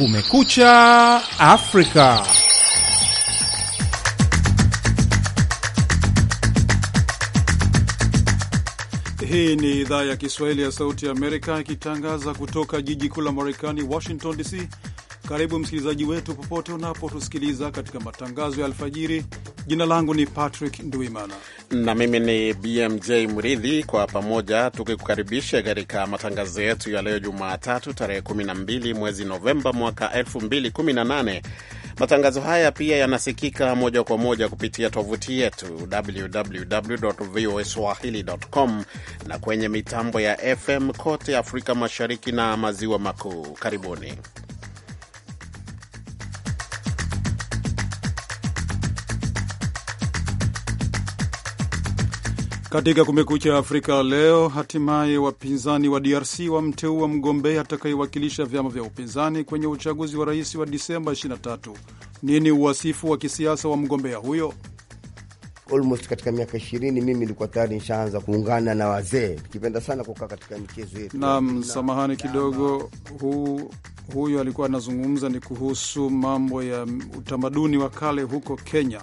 Kumekucha Afrika. Hii ni idhaa ya Kiswahili ya Sauti ya Amerika ikitangaza kutoka jiji kuu la Marekani, Washington DC. Karibu msikilizaji wetu popote unapotusikiliza katika matangazo ya alfajiri Jina langu ni Patrick nduimana na mimi ni BMJ Mridhi, kwa pamoja tukikukaribisha katika matangazo yetu ya leo Jumatatu tarehe 12 mwezi Novemba mwaka 2018. Matangazo haya pia yanasikika moja kwa moja kupitia tovuti yetu www.voaswahili.com na kwenye mitambo ya FM kote Afrika Mashariki na Maziwa Makuu. Karibuni. Katika Kumekucha Afrika leo, hatimaye wapinzani wa DRC wamteua mgombea atakayewakilisha vyama vya upinzani kwenye uchaguzi wa rais wa Disemba 23. Nini uwasifu wa kisiasa wa mgombea huyo? Almost katika miaka 20 mimi nilikuwa tayari nishaanza kuungana na wazee, nikipenda sana kukaa katika michezo yetu. Naam, samahani kidogo, huu huyo alikuwa anazungumza ni kuhusu mambo ya utamaduni wa kale huko Kenya.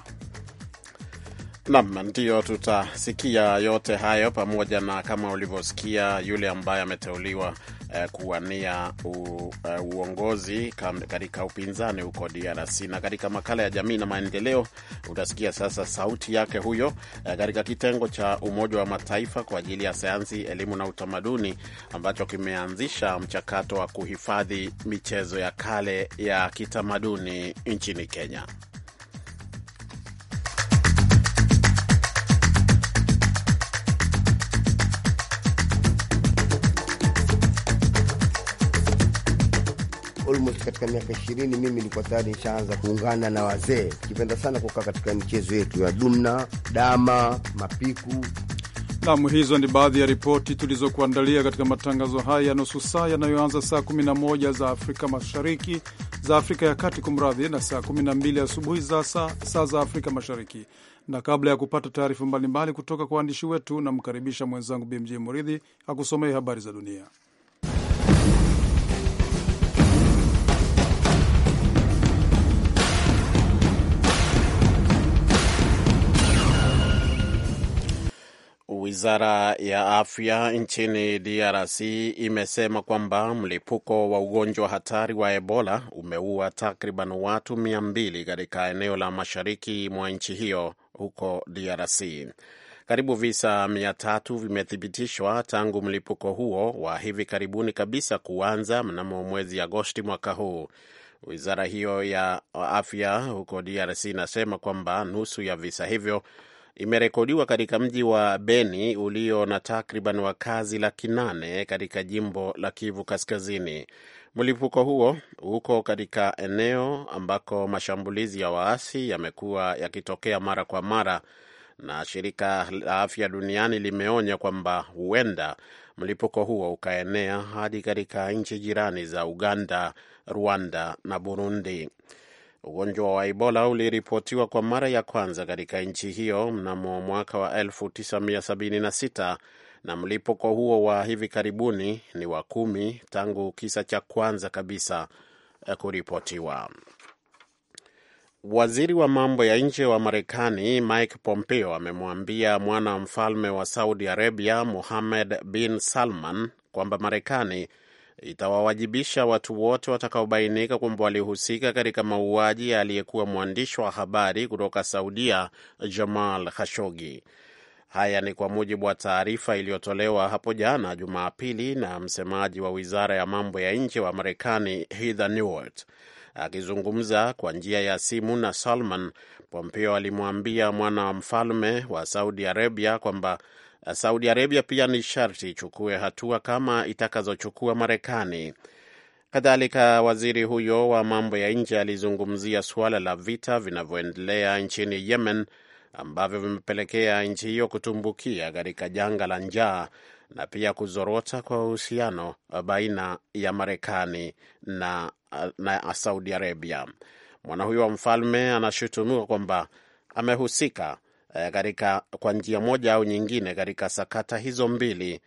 Nam, ndiyo tutasikia yote hayo pamoja na kama ulivyosikia yule ambaye ameteuliwa eh, kuwania u, uh, uongozi katika upinzani huko DRC. Na katika makala ya jamii na maendeleo utasikia sasa sauti yake huyo eh, katika kitengo cha Umoja wa Mataifa kwa ajili ya sayansi, elimu na utamaduni ambacho kimeanzisha mchakato wa kuhifadhi michezo ya kale ya kitamaduni nchini Kenya. almost katika miaka ishirini mimi nilikuwa tayari nishaanza kuungana na wazee, kipenda sana kukaa katika michezo yetu ya dumna, dama, mapiku. Nam, hizo ni baadhi ya ripoti tulizokuandalia katika matangazo haya ya nusu saa yanayoanza saa 11 za Afrika Mashariki, za Afrika ya Kati kumradhi, na saa 12 asubuhi za saa, saa za Afrika Mashariki. Na kabla ya kupata taarifa mbalimbali kutoka kwa waandishi wetu, namkaribisha mwenzangu BMJ Muridhi akusomee habari za dunia. Wizara ya afya nchini DRC imesema kwamba mlipuko wa ugonjwa hatari wa Ebola umeua takriban watu mia mbili katika eneo la mashariki mwa nchi hiyo huko DRC. Karibu visa mia tatu vimethibitishwa tangu mlipuko huo wa hivi karibuni kabisa kuanza mnamo mwezi Agosti mwaka huu. Wizara hiyo ya afya huko DRC inasema kwamba nusu ya visa hivyo imerekodiwa katika mji wa Beni ulio na takriban wakazi laki nane katika jimbo la Kivu Kaskazini. Mlipuko huo uko katika eneo ambako mashambulizi ya waasi yamekuwa yakitokea mara kwa mara, na shirika la afya duniani limeonya kwamba huenda mlipuko huo ukaenea hadi katika nchi jirani za Uganda, Rwanda na Burundi. Ugonjwa wa Ebola uliripotiwa kwa mara ya kwanza katika nchi hiyo mnamo mwaka wa 1976 na mlipuko huo wa hivi karibuni ni wa kumi tangu kisa cha kwanza kabisa eh, kuripotiwa. Waziri wa mambo ya nje wa Marekani Mike Pompeo amemwambia mwana mfalme wa Saudi Arabia Mohammed bin Salman kwamba Marekani itawawajibisha watu wote watakaobainika kwamba walihusika katika mauaji ya aliyekuwa mwandishi wa habari kutoka Saudia, Jamal Khashoggi. Haya ni kwa mujibu wa taarifa iliyotolewa hapo jana Jumapili na msemaji wa wizara ya mambo ya nje wa Marekani, Heather Nauert. Akizungumza kwa njia ya simu na Salman, Pompeo alimwambia mwana wa mfalme wa Saudi Arabia kwamba Uh, Saudi Arabia pia ni sharti ichukue hatua kama itakazochukua Marekani. Kadhalika, waziri huyo wa mambo ya nje alizungumzia suala la vita vinavyoendelea nchini Yemen ambavyo vimepelekea nchi hiyo kutumbukia katika janga la njaa na pia kuzorota kwa uhusiano uh, baina ya Marekani na, uh, na Saudi Arabia. Mwana huyo wa mfalme anashutumiwa kwamba amehusika Eh, katika kwa njia moja au nyingine katika sakata hizo mbili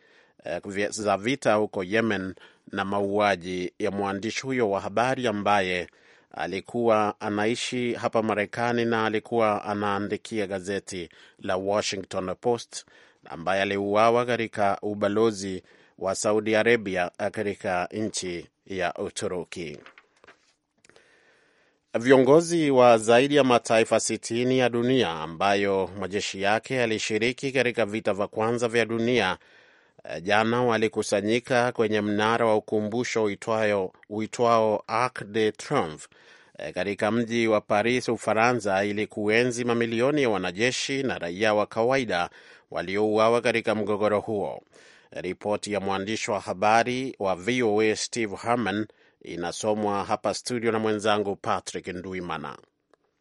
eh, za vita huko Yemen na mauaji ya mwandishi huyo wa habari ambaye alikuwa anaishi hapa Marekani na alikuwa anaandikia gazeti la Washington Post ambaye aliuawa katika ubalozi wa Saudi Arabia eh, katika nchi ya Uturuki. Viongozi wa zaidi ya mataifa 60 ya dunia ambayo majeshi yake yalishiriki katika vita vya kwanza vya dunia eh, jana walikusanyika kwenye mnara wa ukumbusho uitwao, uitwao Arc de Triomphe eh, katika mji wa Paris, Ufaransa, ili kuenzi mamilioni ya wanajeshi na raia wa kawaida waliouawa katika mgogoro huo. Ripoti ya mwandishi wa habari wa VOA Steve Herman inasomwa hapa studio na mwenzangu Patrick Nduimana.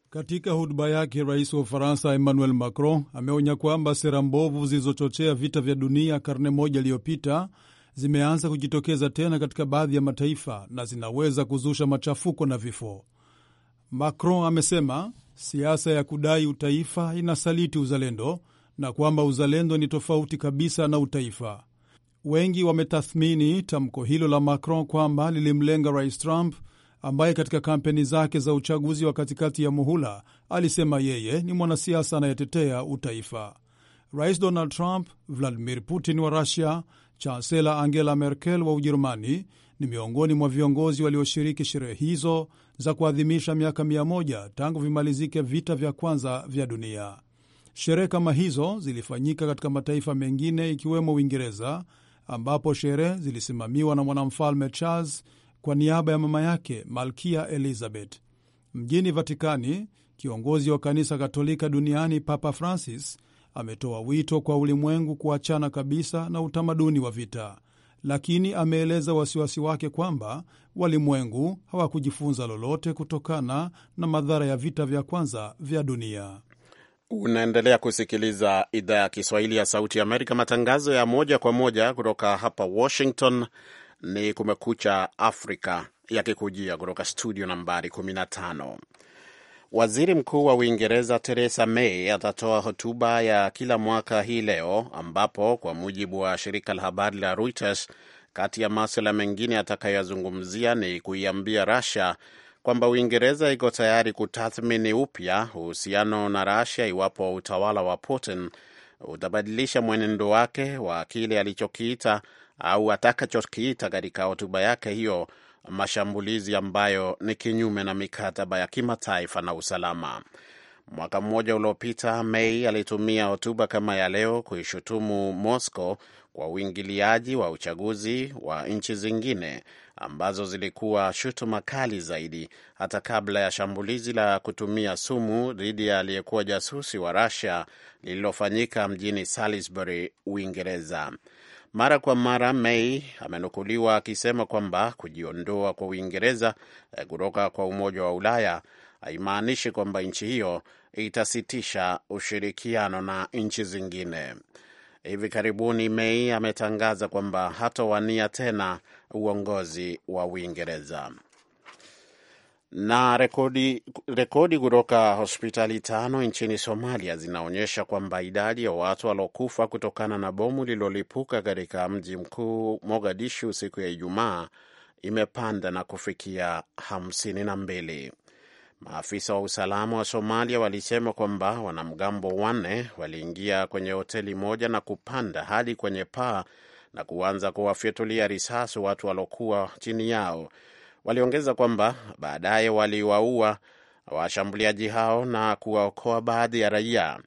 Katika hotuba yake, rais wa Ufaransa Emmanuel Macron ameonya kwamba sera mbovu zilizochochea vita vya dunia karne moja iliyopita zimeanza kujitokeza tena katika baadhi ya mataifa na zinaweza kuzusha machafuko na vifo. Macron amesema siasa ya kudai utaifa inasaliti uzalendo na kwamba uzalendo ni tofauti kabisa na utaifa. Wengi wametathmini tamko hilo la Macron kwamba lilimlenga Rais Trump ambaye katika kampeni zake za uchaguzi wa katikati ya muhula alisema yeye ni mwanasiasa anayetetea utaifa. Rais Donald Trump, Vladimir Putin wa Rusia, chansela Angela Merkel wa Ujerumani ni miongoni mwa viongozi walioshiriki sherehe hizo za kuadhimisha miaka mia moja tangu vimalizike vita vya kwanza vya dunia. Sherehe kama hizo zilifanyika katika mataifa mengine ikiwemo Uingereza ambapo sherehe zilisimamiwa na mwanamfalme Charles kwa niaba ya mama yake Malkia Elizabeth. Mjini Vatikani, kiongozi wa kanisa Katolika duniani Papa Francis ametoa wito kwa ulimwengu kuachana kabisa na utamaduni wa vita, lakini ameeleza wasiwasi wake kwamba walimwengu hawakujifunza lolote kutokana na madhara ya vita vya kwanza vya dunia. Unaendelea kusikiliza idhaa ya Kiswahili ya Sauti ya Amerika, matangazo ya moja kwa moja kutoka hapa Washington. Ni Kumekucha Afrika yakikujia kutoka studio nambari 15. Waziri Mkuu wa Uingereza Theresa May atatoa hotuba ya kila mwaka hii leo, ambapo kwa mujibu wa shirika la habari la Reuters, kati ya maswala mengine atakayoyazungumzia ni kuiambia Russia kwamba Uingereza iko tayari kutathmini upya uhusiano na Russia iwapo utawala wa Putin utabadilisha mwenendo wake wa kile alichokiita au atakachokiita katika hotuba yake hiyo mashambulizi ambayo ni kinyume na mikataba ya kimataifa na usalama. Mwaka mmoja uliopita, Mei alitumia hotuba kama ya leo kuishutumu Moscow kwa uingiliaji wa uchaguzi wa nchi zingine ambazo zilikuwa shutuma kali zaidi hata kabla ya shambulizi la kutumia sumu dhidi ya aliyekuwa jasusi wa Russia lililofanyika mjini Salisbury, Uingereza. Mara kwa mara May amenukuliwa akisema kwamba kujiondoa kwa Uingereza eh, kutoka kwa Umoja wa Ulaya haimaanishi kwamba nchi hiyo itasitisha ushirikiano na nchi zingine hivi karibuni Mei ametangaza kwamba hatowania tena uongozi wa Uingereza. Na rekodi, rekodi kutoka hospitali tano nchini Somalia zinaonyesha kwamba idadi ya watu waliokufa kutokana na bomu lililolipuka katika mji mkuu Mogadishu siku ya Ijumaa imepanda na kufikia hamsini na mbili. Maafisa wa usalama wa Somalia walisema kwamba wanamgambo wanne waliingia kwenye hoteli moja na kupanda hadi kwenye paa na kuanza kuwafyatulia risasi watu waliokuwa chini yao. Waliongeza kwamba baadaye waliwaua washambuliaji hao na kuwaokoa baadhi ya raia.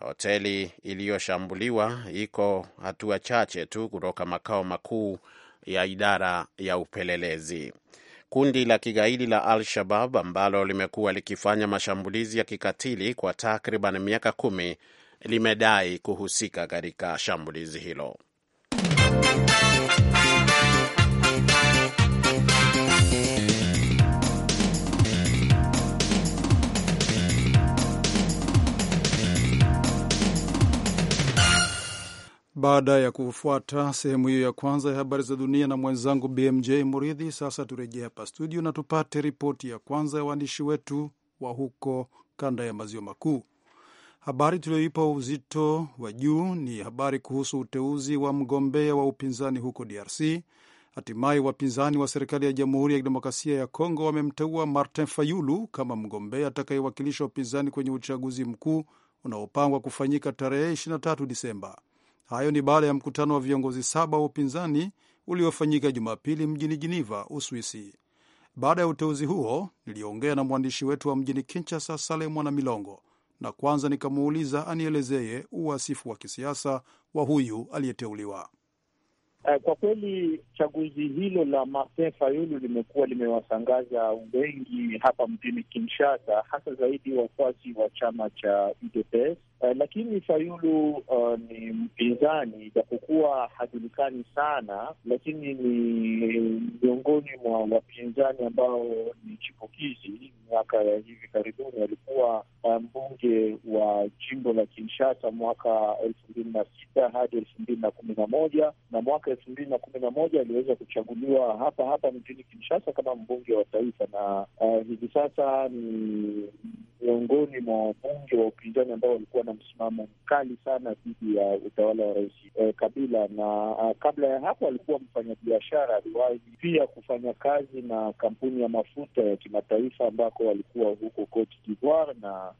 Hoteli iliyoshambuliwa iko hatua chache tu kutoka makao makuu ya idara ya upelelezi. Kundi la kigaidi la Al-Shabab ambalo limekuwa likifanya mashambulizi ya kikatili kwa takriban miaka kumi limedai kuhusika katika shambulizi hilo. Baada ya kufuata sehemu hiyo ya kwanza ya habari za dunia na mwenzangu BMJ Muridhi, sasa turejee hapa studio na tupate ripoti ya kwanza ya waandishi wetu wa huko kanda ya maziwa makuu. Habari tuliyoipa uzito wa juu ni habari kuhusu uteuzi wa mgombea wa upinzani huko DRC. Hatimaye wapinzani wa serikali ya Jamhuri ya Kidemokrasia ya Kongo wamemteua Martin Fayulu kama mgombea atakayewakilisha upinzani kwenye uchaguzi mkuu unaopangwa kufanyika tarehe 23 Disemba. Hayo ni baada ya mkutano wa viongozi saba wa upinzani uliofanyika Jumapili mjini Jiniva, Uswisi. Baada ya uteuzi huo, niliongea na mwandishi wetu wa mjini Kinshasa, Saleh Mwana Milongo, na kwanza nikamuuliza anielezeye uwasifu wa kisiasa wa huyu aliyeteuliwa. Eh, kwa kweli chaguzi hilo la Martin Fayulu limekuwa limewasangaza wengi hapa mjini Kinshasa, hasa zaidi wafuasi wa chama cha UDPS Uh, lakini Fayulu uh, ni mpinzani ijapokuwa hajulikani sana, lakini ni miongoni mwa wapinzani ambao ni chipukizi. Miaka ya hivi karibuni alikuwa eh, mbunge wa jimbo la Kinshasa mwaka elfu mbili na sita hadi elfu mbili na kumi na moja na mwaka elfu mbili na kumi na moja aliweza kuchaguliwa hapa hapa mjini Kinshasa kama mbunge wa taifa, na uh, hivi sasa ni miongoni mwa wabunge wa upinzani ambao walikuwa na msimamo mkali sana dhidi ya utawala wa Rais e, Kabila na a, ah, kabla ya hapo alikuwa mfanyabiashara, aliwahi pia kufanya kazi na kampuni ya mafuta ya kimataifa ambako walikuwa huko Cote d'Ivoire na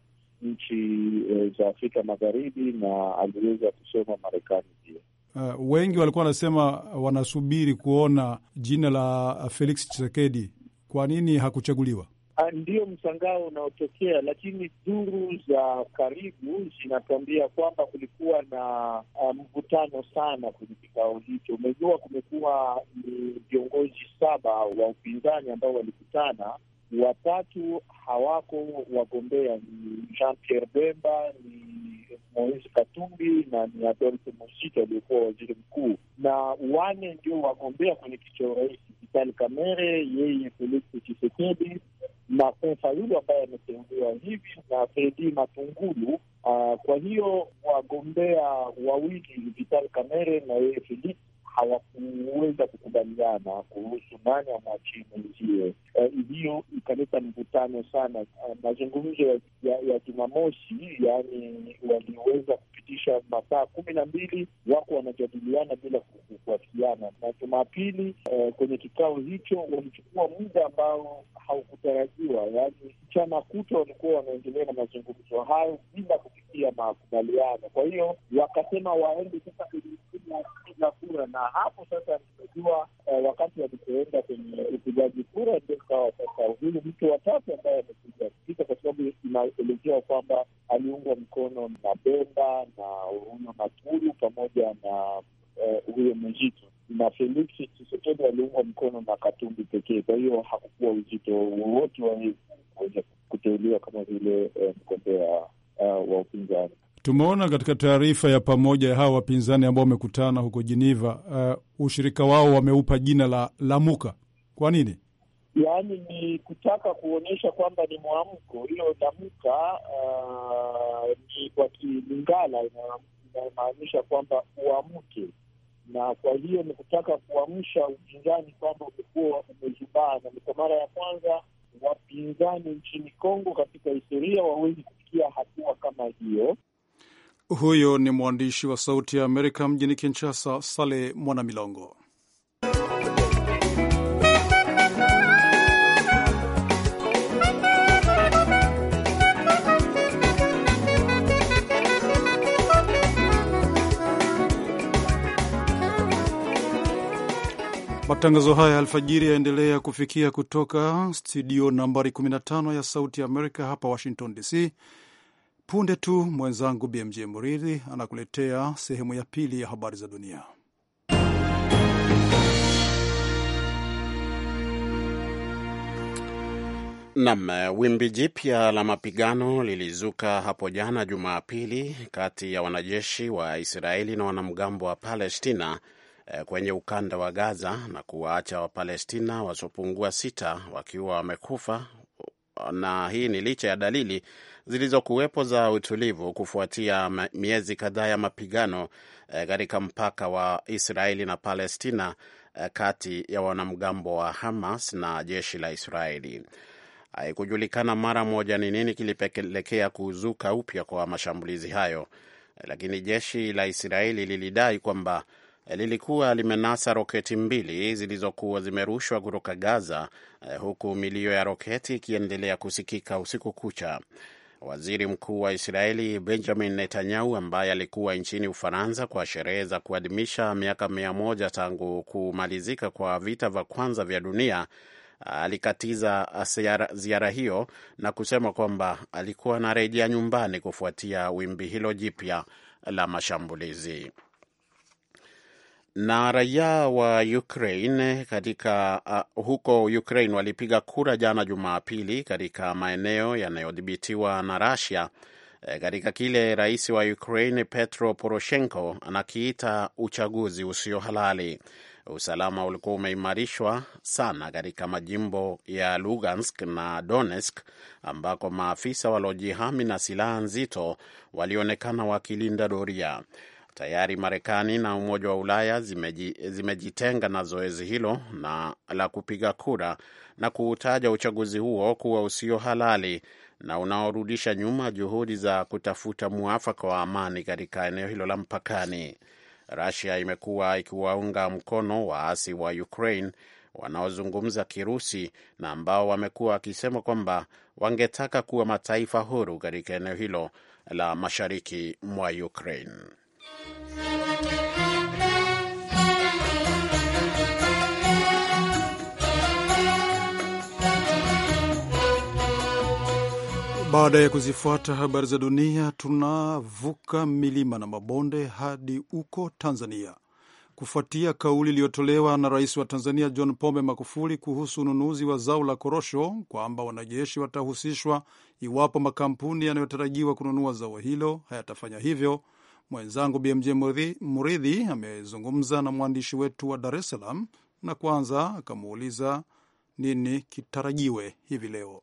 nchi e, za Afrika Magharibi na aliweza kusoma Marekani pia. Uh, wengi walikuwa wanasema wanasubiri kuona jina la Felix Tshisekedi. Kwa nini hakuchaguliwa? Ah, Ndiyo mshangao unaotokea, lakini duru za karibu zinatuambia kwamba kulikuwa na uh, mvutano sana kwenye kikao hicho. Umejua, kumekuwa ni viongozi saba wa upinzani ambao walikutana, watatu hawako wagombea, ni Jean Pierre Bemba, ni Moise Katumbi na ni Adolphe Mushiki aliyekuwa waziri mkuu, na wane ndio wagombea kwenye kiti cha urais: Vital Kamerhe, yeye Felix Tshisekedi na Fayulu ambaye ameteuliwa hivi na Fredi Matungulu. Uh, kwa hiyo wagombea wawili Vital Kamerhe na yeye Felix hawakuweza kukubaliana kuhusu nani amwachie mwenzie. Eh, hiyo e, ikaleta mvutano sana. Eh, mazungumzo ya ya, ya, yaani waliweza kupitisha masaa kumi na mbili, wako wanajadiliana bila kuafikiana, na Jumapili e, kwenye kikao hicho walichukua muda ambao haukutarajiwa, yaani mchana kutwa walikuwa wanaendelea na mazungumzo hayo bila kufikia makubaliano. Kwa hiyo wakasema waende sasa kupiga kura na hapo sasa tunajua uh, eh, wakati walipoenda kwenye upigaji kura ndio kawa sasa huyu mtu watatu ambaye amekuja kupika, kwa sababu inaelezewa kwamba aliungwa mkono na Bemba na huyo Maturu pamoja na eh, huyo uh, na Felix Tshisekedi aliungwa mkono na Katumbi pekee. Kwa hiyo hakukuwa uzito wowote wa kuweza kuteuliwa kama vile eh, mgombea uh, wa upinzani. Tumeona katika taarifa ya pamoja ya hawa wapinzani ambao wamekutana huko Geneva, uh, ushirika wao wameupa jina la Lamuka. Kwa nini? Yaani ni kutaka kuonyesha kwamba ni mwamko. Hilo Lamuka uh, ni kwa Kilingala inamaanisha kwamba uamke, na kwa hiyo ni kutaka kuamsha upinzani kwamba umekuwa na Ni kwa mara ya kwanza wapinzani nchini Kongo katika historia wawezi kufikia hatua kama hiyo. Huyo ni mwandishi wa Sauti ya Amerika mjini Kinshasa, Sale Mwanamilongo. Matangazo haya ya alfajiri yaendelea kufikia kutoka studio nambari 15 ya Sauti ya Amerika hapa Washington DC. Punde tu mwenzangu BMJ Muridhi anakuletea sehemu ya pili ya habari za dunia. Nam, wimbi jipya la mapigano lilizuka hapo jana Jumapili kati ya wanajeshi wa Israeli na wanamgambo wa Palestina eh, kwenye ukanda wa Gaza na kuwaacha Wapalestina wasiopungua sita wakiwa wamekufa, na hii ni licha ya dalili zilizokuwepo za utulivu kufuatia miezi kadhaa ya mapigano eh, katika mpaka wa Israeli na Palestina eh, kati ya wanamgambo wa Hamas na jeshi la Israeli. Haikujulikana mara moja ni nini kilipelekea kuzuka upya kwa mashambulizi hayo, eh, lakini jeshi la Israeli lilidai kwamba lilikuwa limenasa roketi mbili zilizokuwa zimerushwa kutoka Gaza, huku milio ya roketi ikiendelea kusikika usiku kucha. Waziri Mkuu wa Israeli Benjamin Netanyahu, ambaye alikuwa nchini Ufaransa kwa sherehe za kuadhimisha miaka mia moja tangu kumalizika kwa vita vya kwanza vya dunia, alikatiza ziara hiyo na kusema kwamba alikuwa anarejea nyumbani kufuatia wimbi hilo jipya la mashambulizi. Na raia wa Ukraine katika uh, huko Ukraine walipiga kura jana Jumapili katika maeneo yanayodhibitiwa na Russia e, katika kile rais wa Ukraine Petro Poroshenko anakiita uchaguzi usio halali. Usalama ulikuwa umeimarishwa sana katika majimbo ya Lugansk na Donetsk, ambako maafisa waliojihami na silaha nzito walionekana wakilinda doria. Tayari Marekani na Umoja wa Ulaya zimejitenga na zoezi hilo na la kupiga kura na kuutaja uchaguzi huo kuwa usio halali na unaorudisha nyuma juhudi za kutafuta mwafaka wa amani katika eneo hilo la mpakani. rasia imekuwa ikiwaunga mkono waasi wa Ukraine wanaozungumza Kirusi na ambao wamekuwa wakisema kwamba wangetaka kuwa mataifa huru katika eneo hilo la mashariki mwa Ukraine. Baada ya kuzifuata habari za dunia, tunavuka milima na mabonde hadi huko Tanzania kufuatia kauli iliyotolewa na rais wa Tanzania John Pombe Magufuli kuhusu ununuzi wa zao la korosho kwamba wanajeshi watahusishwa iwapo makampuni yanayotarajiwa kununua zao hilo hayatafanya hivyo. Mwenzangu BMJ Muridhi amezungumza na mwandishi wetu wa Dar es Salaam na kwanza akamuuliza nini kitarajiwe hivi leo.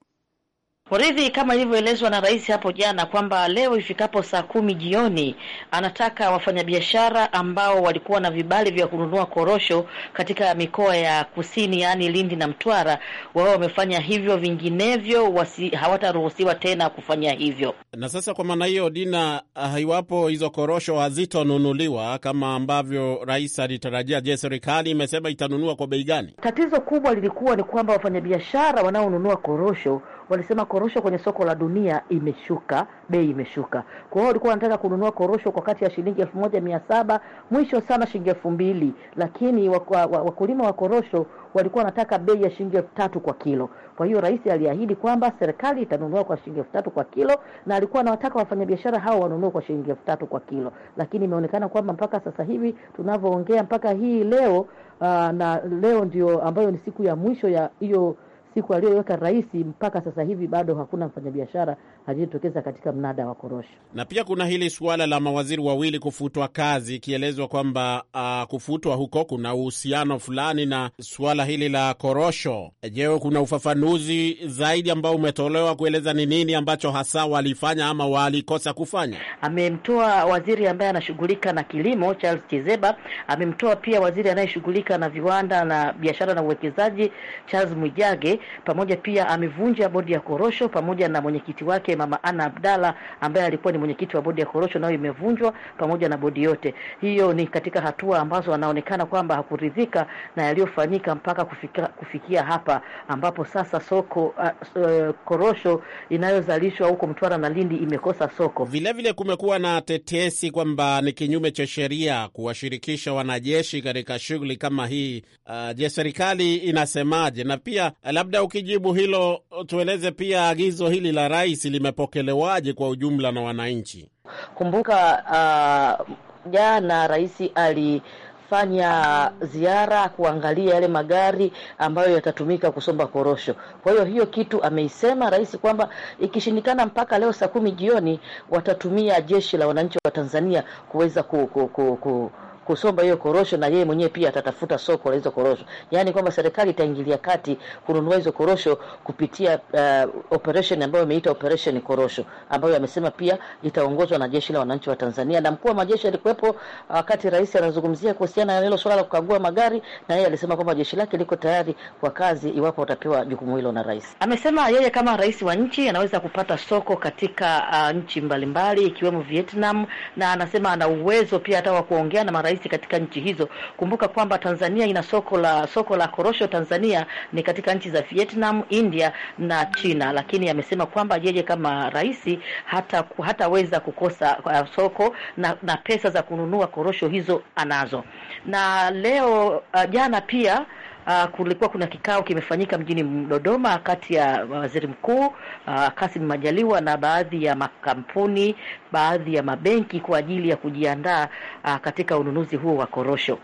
Poridhi kama ilivyoelezwa na rais hapo jana kwamba leo ifikapo saa kumi jioni anataka wafanyabiashara ambao walikuwa na vibali vya kununua korosho katika mikoa ya kusini, yaani Lindi na Mtwara, wao wamefanya hivyo, vinginevyo hawataruhusiwa tena kufanya hivyo. Na sasa kwa maana hiyo, Dina, ah, iwapo hizo korosho hazitonunuliwa kama ambavyo rais alitarajia, je, serikali imesema itanunua kwa bei gani? Tatizo kubwa lilikuwa ni kwamba wafanyabiashara wanaonunua korosho walisema korosho kwenye soko la dunia imeshuka, bei imeshuka. Kwa hiyo walikuwa wanataka kununua korosho kwa kati ya shilingi elfu moja mia saba mwisho sana shilingi elfu mbili lakini wakulima wa korosho walikuwa wanataka bei ya shilingi elfu tatu kwa kilo. Kwa hiyo rais aliahidi kwamba serikali itanunua kwa shilingi elfu tatu kwa kilo, na alikuwa anawataka wafanyabiashara hao wanunue kwa shilingi elfu tatu kwa kilo, lakini imeonekana kwamba mpaka sasa hivi tunavyoongea, mpaka hii leo uh, na leo ndio ambayo ni siku ya mwisho ya hiyo siku aliyoweka rais mpaka sasa hivi bado hakuna mfanyabiashara aliyetokeza katika mnada wa korosho. Na pia kuna hili suala la mawaziri wawili kufutwa kazi, ikielezwa kwamba uh, kufutwa huko kuna uhusiano fulani na suala hili la korosho. Je, kuna ufafanuzi zaidi ambao umetolewa kueleza ni nini ambacho hasa walifanya ama walikosa kufanya? Amemtoa waziri ambaye anashughulika na kilimo Charles Chizeba, amemtoa pia waziri anayeshughulika na viwanda na biashara na uwekezaji Charles Mwijage pamoja pia amevunja bodi ya korosho pamoja na mwenyekiti wake Mama Ana Abdalla ambaye alikuwa ni mwenyekiti wa bodi ya korosho, nayo imevunjwa pamoja na bodi yote. Hiyo ni katika hatua ambazo anaonekana kwamba hakuridhika na yaliyofanyika mpaka kufika, kufikia hapa ambapo sasa soko uh, uh, korosho inayozalishwa huko Mtwara na Lindi imekosa soko. Vilevile kumekuwa na tetesi kwamba ni kinyume cha sheria kuwashirikisha wanajeshi katika shughuli kama hii. Uh, je, serikali inasemaje? Na pia uh, labda labda ukijibu hilo, tueleze pia agizo hili la rais limepokelewaje kwa ujumla na wananchi? Kumbuka uh, jana uh, rais ali fanya ziara kuangalia yale magari ambayo yatatumika kusomba korosho. Kwa hiyo hiyo kitu ameisema rais kwamba ikishindikana mpaka leo saa kumi jioni watatumia jeshi la wananchi wa Tanzania kuweza ku, ku, ku, ku kusomba hiyo korosho, na yeye mwenyewe pia atatafuta soko la hizo korosho, yaani kwamba serikali itaingilia kati kununua hizo korosho kupitia uh, operation ambayo imeita operation korosho, ambayo amesema pia itaongozwa na jeshi la wananchi wa Tanzania, na mkuu wa majeshi alikuwepo uh, wakati rais anazungumzia kuhusiana na hilo swala la kukagua magari, na yeye alisema kwamba jeshi lake liko tayari kwa kazi iwapo watapewa jukumu hilo na rais. Amesema yeye kama rais wa nchi anaweza kupata soko katika uh, nchi mbalimbali ikiwemo Vietnam, na anasema ana uwezo pia hata wa kuongea na marais rahisi katika nchi hizo. Kumbuka kwamba Tanzania ina soko la soko la korosho Tanzania ni katika nchi za Vietnam, India na China, lakini amesema kwamba yeye kama rais hata hataweza kukosa uh, soko na, na pesa za kununua korosho hizo anazo. Na leo uh, jana pia uh, kulikuwa kuna kikao kimefanyika mjini Dodoma kati ya waziri mkuu uh, Kassim Majaliwa na baadhi ya makampuni, baadhi ya mabenki kwa ajili ya kujiandaa uh, katika ununuzi huo wa korosho.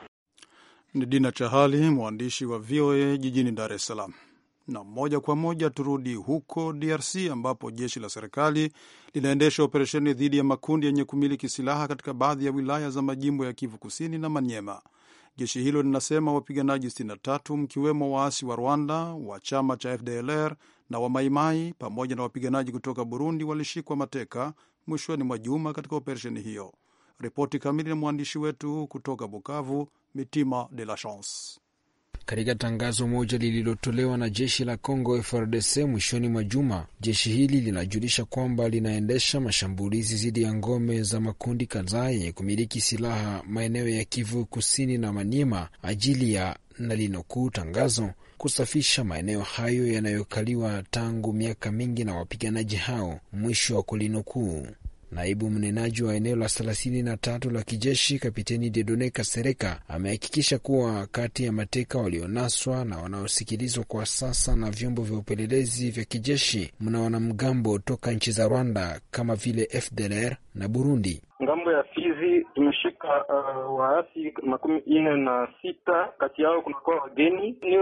Ni Dina Chahali, mwandishi wa VOA jijini Dar es Salaam. Na moja kwa moja turudi huko DRC ambapo jeshi la serikali linaendesha operesheni dhidi ya makundi yenye kumiliki silaha katika baadhi ya wilaya za majimbo ya Kivu Kusini na Manyema. Jeshi hilo linasema wapiganaji 63 mkiwemo waasi wa Rwanda wa chama cha FDLR na Wamaimai pamoja na wapiganaji kutoka Burundi walishikwa mateka mwishoni mwa juma katika operesheni hiyo. Ripoti kamili na mwandishi wetu kutoka Bukavu, Mitima De La Chance. Katika tangazo moja lililotolewa na jeshi la Congo FRDC mwishoni mwa juma, jeshi hili linajulisha kwamba linaendesha mashambulizi dhidi ya ngome za makundi kadhaa yenye kumiliki silaha maeneo ya Kivu Kusini na Maniema ajili ya na linokuu tangazo kusafisha maeneo hayo yanayokaliwa tangu miaka mingi na wapiganaji hao, mwisho wa kulinukuu. Naibu mnenaji wa eneo la thelathini na tatu la kijeshi Kapiteni Dedone Kasereka amehakikisha kuwa kati ya mateka walionaswa na wanaosikilizwa kwa sasa na vyombo vya upelelezi vya kijeshi mna wanamgambo toka nchi za Rwanda kama vile FDLR na Burundi ngambo ya Fizi tumeshika uh, waasi makumi nne na sita, kati yao kunakuwa wageni ni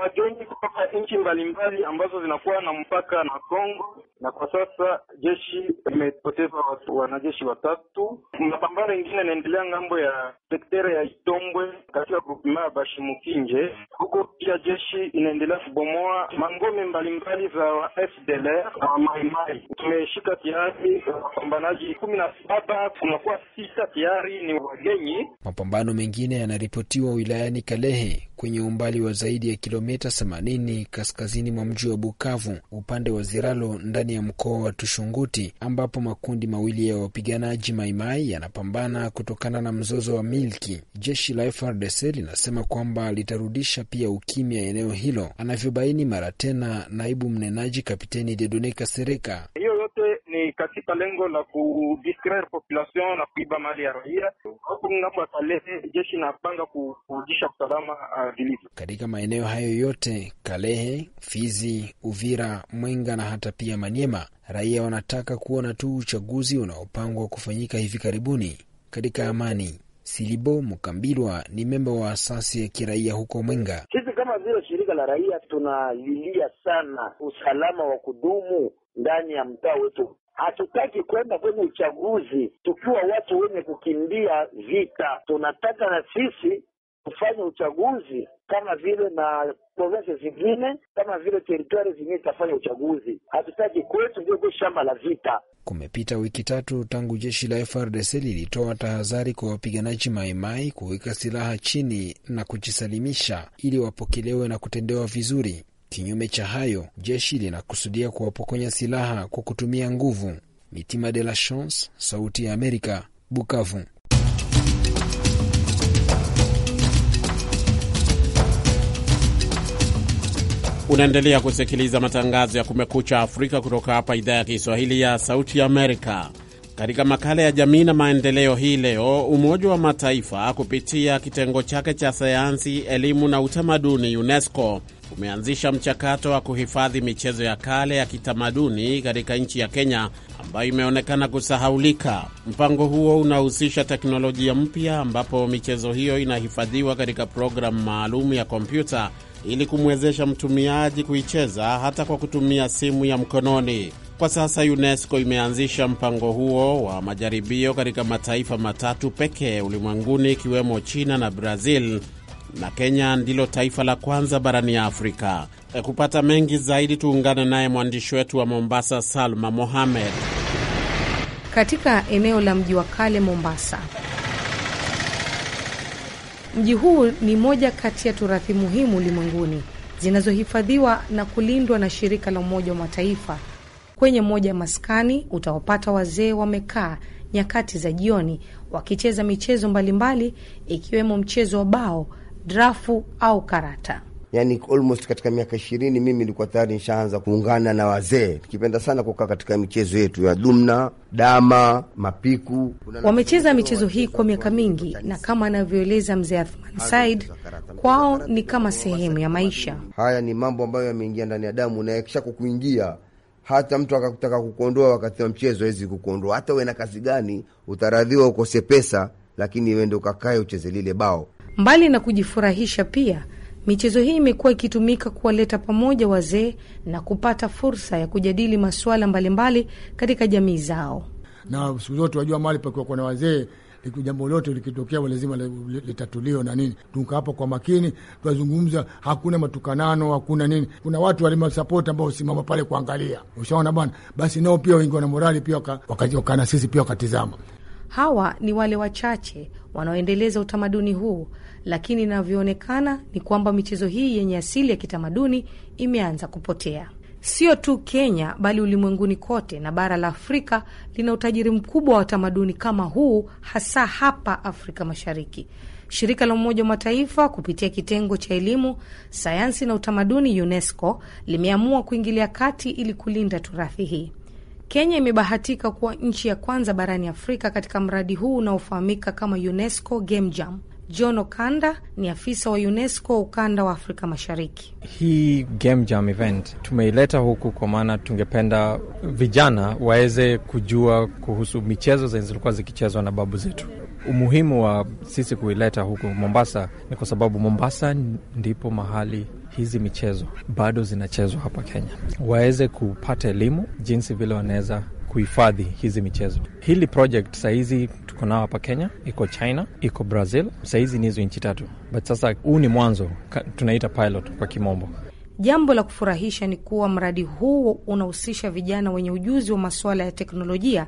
wageni kutoka nchi mbalimbali ambazo zinakuwa na mpaka na Kongo, na kwa sasa jeshi limepoteza wanajeshi watatu. Mapambano ingine yanaendelea ngambo ya sektere ya Itombwe katika groupema ya Bashimukinje. Huko pia jeshi inaendelea kubomoa mangome mbalimbali za FDLR na Maimai. Tumeshika tayari uh, wapambanaji kumi na saba kunakuwa sita tayari ni wageni. Mapambano mengine yanaripotiwa wilayani Kalehe kwenye umbali wa zaidi ya kilomita 80 kaskazini mwa mji wa Bukavu upande wa Ziralo ndani ya mkoa wa Tushunguti ambapo makundi mawili ya wapiganaji Maimai yanapambana kutokana na mzozo wa milki. Jeshi la FRDC linasema kwamba litarudisha pia ukimya eneo hilo, anavyobaini mara tena naibu mnenaji Kapiteni Dedoneka Sereka katika lengo la kudistraire population na kuiba mali ya raia, huku Kalehe, jeshi panga kurudisha usalama ah, vilivyo katika maeneo hayo yote: Kalehe, Fizi, Uvira, Mwenga na hata pia Maniema. Raia wanataka kuona tu uchaguzi unaopangwa kufanyika hivi karibuni katika amani. Silibo Mkambilwa ni memba wa asasi ya kiraia huko Mwenga. Sisi kama vile shirika la raia tunalilia sana usalama wa kudumu ndani ya mtaa wetu Hatutaki kwenda kwenye uchaguzi tukiwa watu wenye kukimbia vita. Tunataka na sisi kufanya uchaguzi kama vile na provinsi zingine, kama vile teritwari zingine zitafanya uchaguzi. Hatutaki kwetu ndio shamba la vita. Kumepita wiki tatu tangu jeshi la FRDC lilitoa tahadhari kwa wapiganaji Maimai kuweka silaha chini na kujisalimisha ili wapokelewe na kutendewa vizuri. Kinyume cha hayo, jeshi linakusudia kuwapokonya silaha kwa kutumia nguvu. Mitima de la Chance, Sauti ya Amerika, Bukavu. Unaendelea kusikiliza matangazo ya Kumekucha Afrika kutoka hapa idhaa ya Kiswahili ya Sauti ya Amerika. Katika makala ya jamii na maendeleo hii leo, Umoja wa Mataifa kupitia kitengo chake cha sayansi, elimu na utamaduni UNESCO umeanzisha mchakato wa kuhifadhi michezo ya kale ya kitamaduni katika nchi ya Kenya ambayo imeonekana kusahaulika. Mpango huo unahusisha teknolojia mpya ambapo michezo hiyo inahifadhiwa katika programu maalum ya kompyuta ili kumwezesha mtumiaji kuicheza hata kwa kutumia simu ya mkononi. Kwa sasa UNESCO imeanzisha mpango huo wa majaribio katika mataifa matatu pekee ulimwenguni ikiwemo China na Brazil na Kenya ndilo taifa la kwanza barani ya Afrika. E, kupata mengi zaidi, tuungane naye mwandishi wetu wa Mombasa, Salma Mohamed, katika eneo la mji wa kale Mombasa. Mji huu ni moja kati ya turathi muhimu ulimwenguni zinazohifadhiwa na kulindwa na shirika la Umoja wa Mataifa. Kwenye moja ya maskani utawapata wazee wamekaa nyakati za jioni wakicheza michezo mbalimbali ikiwemo mchezo wa bao drafu au karata. Yani almost katika miaka ishirini mimi nilikuwa tayari nishaanza kuungana na wazee, nikipenda sana kukaa katika michezo yetu ya dumna dama, mapiku. Wamecheza michezo hii kwa miaka mingi, na kama anavyoeleza mzee Athman Said, kwao ni kama sehemu ya maisha. Haya ni mambo ambayo yameingia ndani ya damu na yakisha kukuingia hata mtu akakutaka kukuondoa wakati wa mchezo awezi kukuondoa. Hata uwe na kazi gani, utaradhiwa ukose pesa, lakini wende ukakae ucheze lile bao. Mbali na kujifurahisha, pia michezo hii imekuwa ikitumika kuwaleta pamoja wazee na kupata fursa ya kujadili masuala mbalimbali katika jamii zao. Na siku zote wajua, mahali pakiwa kuna wazee jambo lote likitokea lazima litatulio na nini. Tuka hapo kwa makini, tuwazungumza. hakuna matukanano, hakuna nini. Kuna watu walimasapoti ambao usimama pale kuangalia, ushaona bwana, basi nao pia wengi wana morali pia wakana sisi pia wakatizama. Hawa ni wale wachache wanaoendeleza utamaduni huu lakini inavyoonekana ni kwamba michezo hii yenye asili ya kitamaduni imeanza kupotea, sio tu Kenya bali ulimwenguni kote, na bara la Afrika lina utajiri mkubwa wa tamaduni kama huu, hasa hapa Afrika Mashariki. Shirika la Umoja wa Mataifa kupitia kitengo cha elimu, sayansi na utamaduni, UNESCO, limeamua kuingilia kati ili kulinda turathi hii. Kenya imebahatika kuwa nchi ya kwanza barani Afrika katika mradi huu unaofahamika kama UNESCO Game Jam. John Okanda ni afisa wa UNESCO ukanda wa Afrika Mashariki. Hii game jam event tumeileta huku kwa maana tungependa vijana waweze kujua kuhusu michezo zenye zilikuwa zikichezwa na babu zetu. Umuhimu wa sisi kuileta huku Mombasa ni kwa sababu Mombasa ndipo mahali hizi michezo bado zinachezwa hapa Kenya, waweze kupata elimu jinsi vile wanaweza kuhifadhi hizi michezo. Hili project sahizi tuko nao hapa Kenya, iko China, iko Brazil. Sahizi ni hizo nchi tatu, but sasa huu ni mwanzo, tunaita pilot kwa kimombo. Jambo la kufurahisha ni kuwa mradi huu unahusisha vijana wenye ujuzi wa masuala ya teknolojia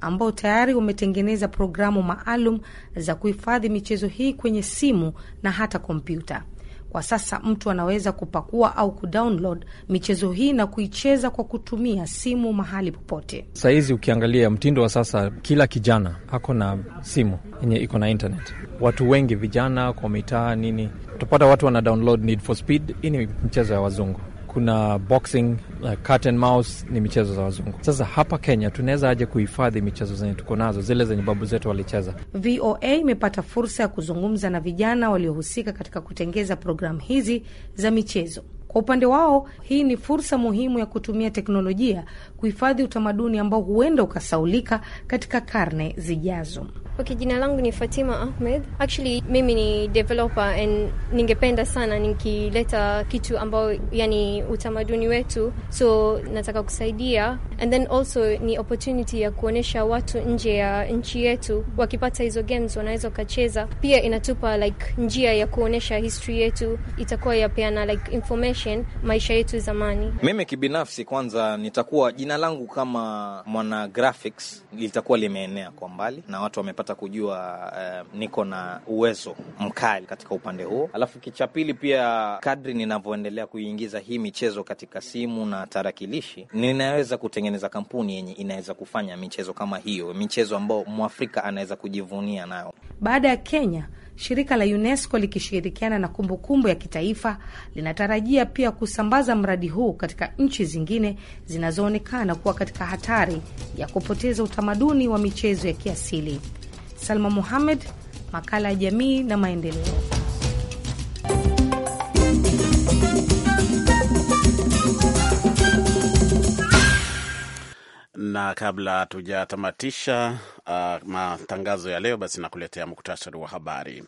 ambao tayari umetengeneza programu maalum za kuhifadhi michezo hii kwenye simu na hata kompyuta. Kwa sasa mtu anaweza kupakua au kudownload michezo hii na kuicheza kwa kutumia simu mahali popote. Sahizi ukiangalia mtindo wa sasa, kila kijana ako na simu yenye iko na internet. Watu wengi vijana kwa mitaa nini, utapata watu wana download Need for Speed. Hii ni mchezo ya wazungu kuna boxing, uh, cat and mouse ni michezo za wazungu. Sasa hapa Kenya tunaweza aje kuhifadhi michezo zenye tuko nazo, zile zenye babu zetu walicheza? VOA imepata fursa ya kuzungumza na vijana waliohusika katika kutengeza programu hizi za michezo. Kwa upande wao, hii ni fursa muhimu ya kutumia teknolojia kuhifadhi utamaduni ambao huenda ukasaulika katika karne zijazo. Okay, jina langu ni Fatima Ahmed. Actually, mimi ni developer and ningependa sana nikileta kitu ambao yani utamaduni wetu, so nataka kusaidia and then also ni opportunity ya kuonyesha watu nje ya nchi yetu, wakipata hizo games wanaweza wakacheza. Pia inatupa like njia ya kuonyesha history yetu, itakuwa yapeana like information maisha yetu zamani. Mimi kibinafsi kwanza nitakuwa jina Jina langu kama mwana graphics litakuwa limeenea kwa mbali na watu wamepata kujua uh, niko na uwezo mkali katika upande huo. Alafu kicha pili pia, kadri ninavyoendelea kuiingiza hii michezo katika simu na tarakilishi, ninaweza kutengeneza kampuni yenye inaweza kufanya michezo kama hiyo, michezo ambayo mwafrika anaweza kujivunia nayo. Baada ya Kenya shirika la UNESCO likishirikiana na kumbukumbu ya kitaifa linatarajia pia kusambaza mradi huu katika nchi zingine zinazoonekana kuwa katika hatari ya kupoteza utamaduni wa michezo ya kiasili. Salma Muhamed, makala ya jamii na maendeleo. na kabla tujatamatisha uh, matangazo ya leo, basi nakuletea muktasari wa habari.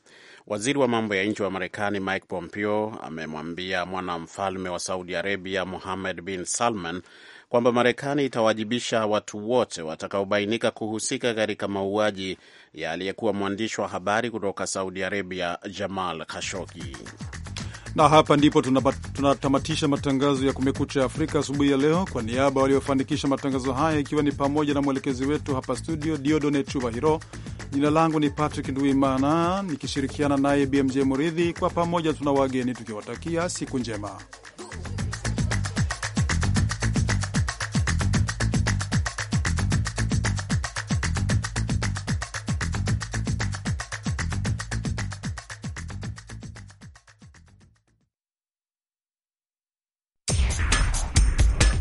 Waziri wa mambo ya nje wa Marekani Mike Pompeo amemwambia mwanamfalme wa Saudi Arabia muhamed bin Salman kwamba Marekani itawajibisha watu wote watakaobainika kuhusika katika mauaji ya aliyekuwa mwandishi wa habari kutoka Saudi Arabia Jamal Khashoggi. Na hapa ndipo tunatamatisha matangazo ya Kumekucha Afrika asubuhi ya leo. Kwa niaba waliofanikisha matangazo haya, ikiwa ni pamoja na mwelekezi wetu hapa studio Diodone hiro jina langu ni Patrick Nduimana nikishirikiana naye BMJ Muridhi, kwa pamoja tuna wageni tukiwatakia siku njema.